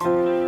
Thank you.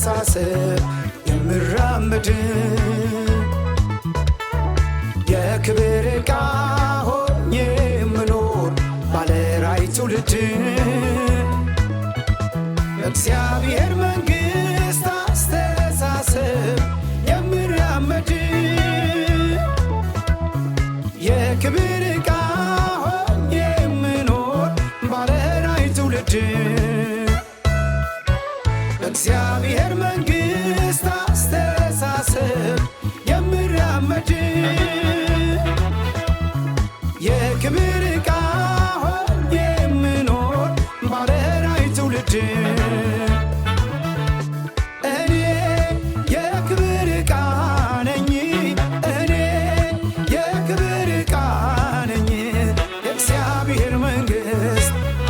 መተሳሰብ የምራምድ የክብር ዕቃ ሆኜ የምኖር ባለራዕይ ትውልድ እግዚአብሔር መንግሥት አስተሳሰብ የምራምድ የክብር ዕቃ ሆኜ የምኖር ባለራዕይ ትውልድ በእግዚአብሔር መንግሥት አስተሳሰብ የምራመድ የክብር ዕቃ ሆኜ የምኖር ባለራዕይ ትውልድ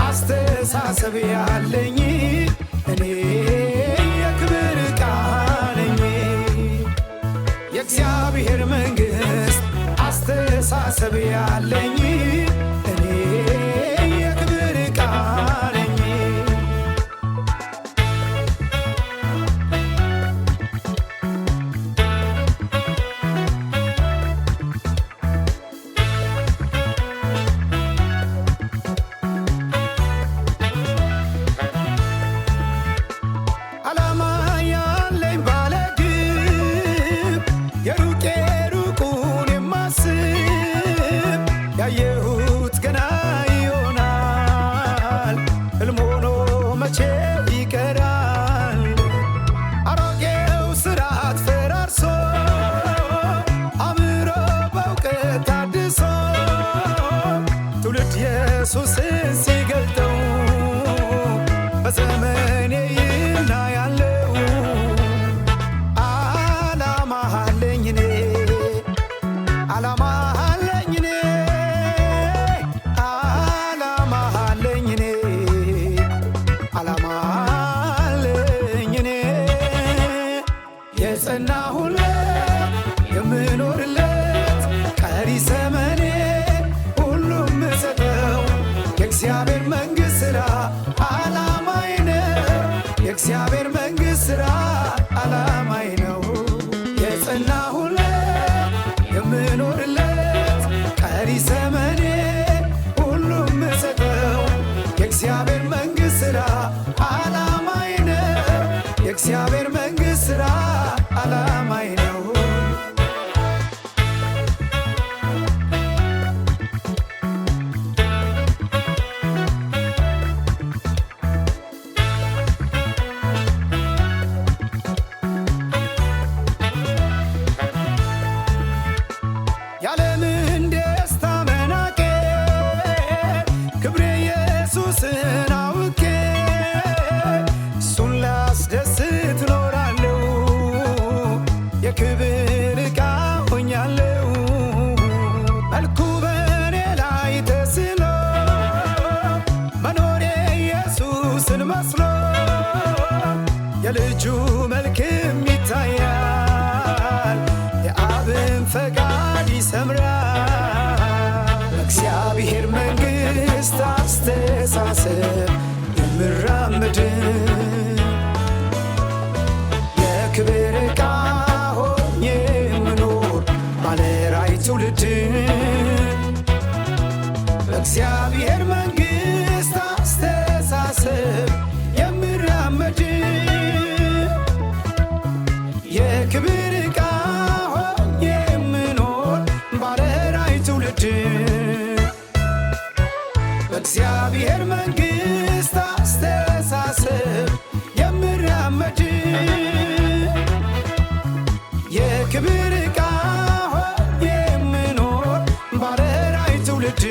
አስተሳሰብ ያለ ቤተሰብ ያለኝ በዘመኔ ይና ያለው አላማ የምኖርለት ቀሪ ዘመኔ ሁሉም ሰጠው የእግዚአብሔር የልጁ መልክም ይታያል፣ የአብን ፈቃድ ይሰምራል። በእግዚአብሔር መንግሥት አስተሳሰብ የምራምድ የክብር ዕቃ ሆኜ የምኖር ባለራዕይ ትውልድ በእግዚአብሔር መንግሥት በእግዚአብሔር መንግሥት አስተሳሰብ የምራመድ የክብር ዕቃ ሆኜ የምኖር ባረራይ ትውልድ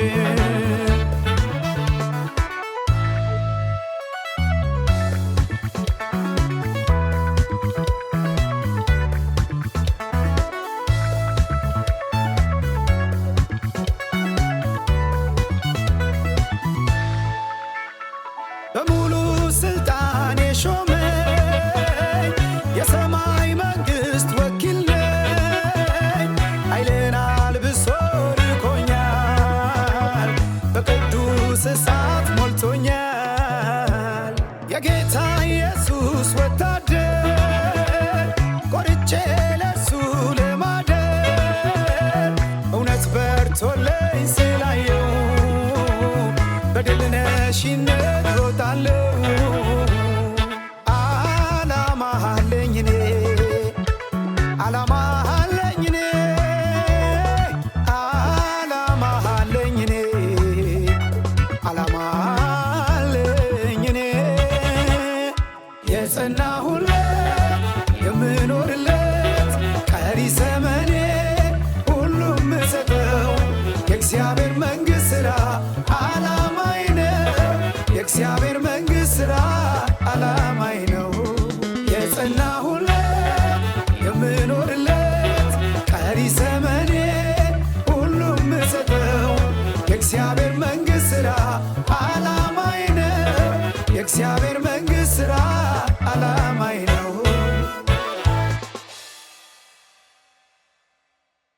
የጸናሁለት የምኖርለት ቀሪ ዘመኔ ሁሉም ምሰጠው የእግዚአብሔር መንግሥት ሥራ ዓላማዬ ነው። የእግዚአብሔር መንግሥት ሥራ ዓላማዬ ነው። የጸናሁለት የምኖርለት ቀሪ ዘመኔ ሁሉም ምሰጠው የእግዚአብሔር መንግሥት ሥራ ዓላማዬ ነው። የእግዚአብሔር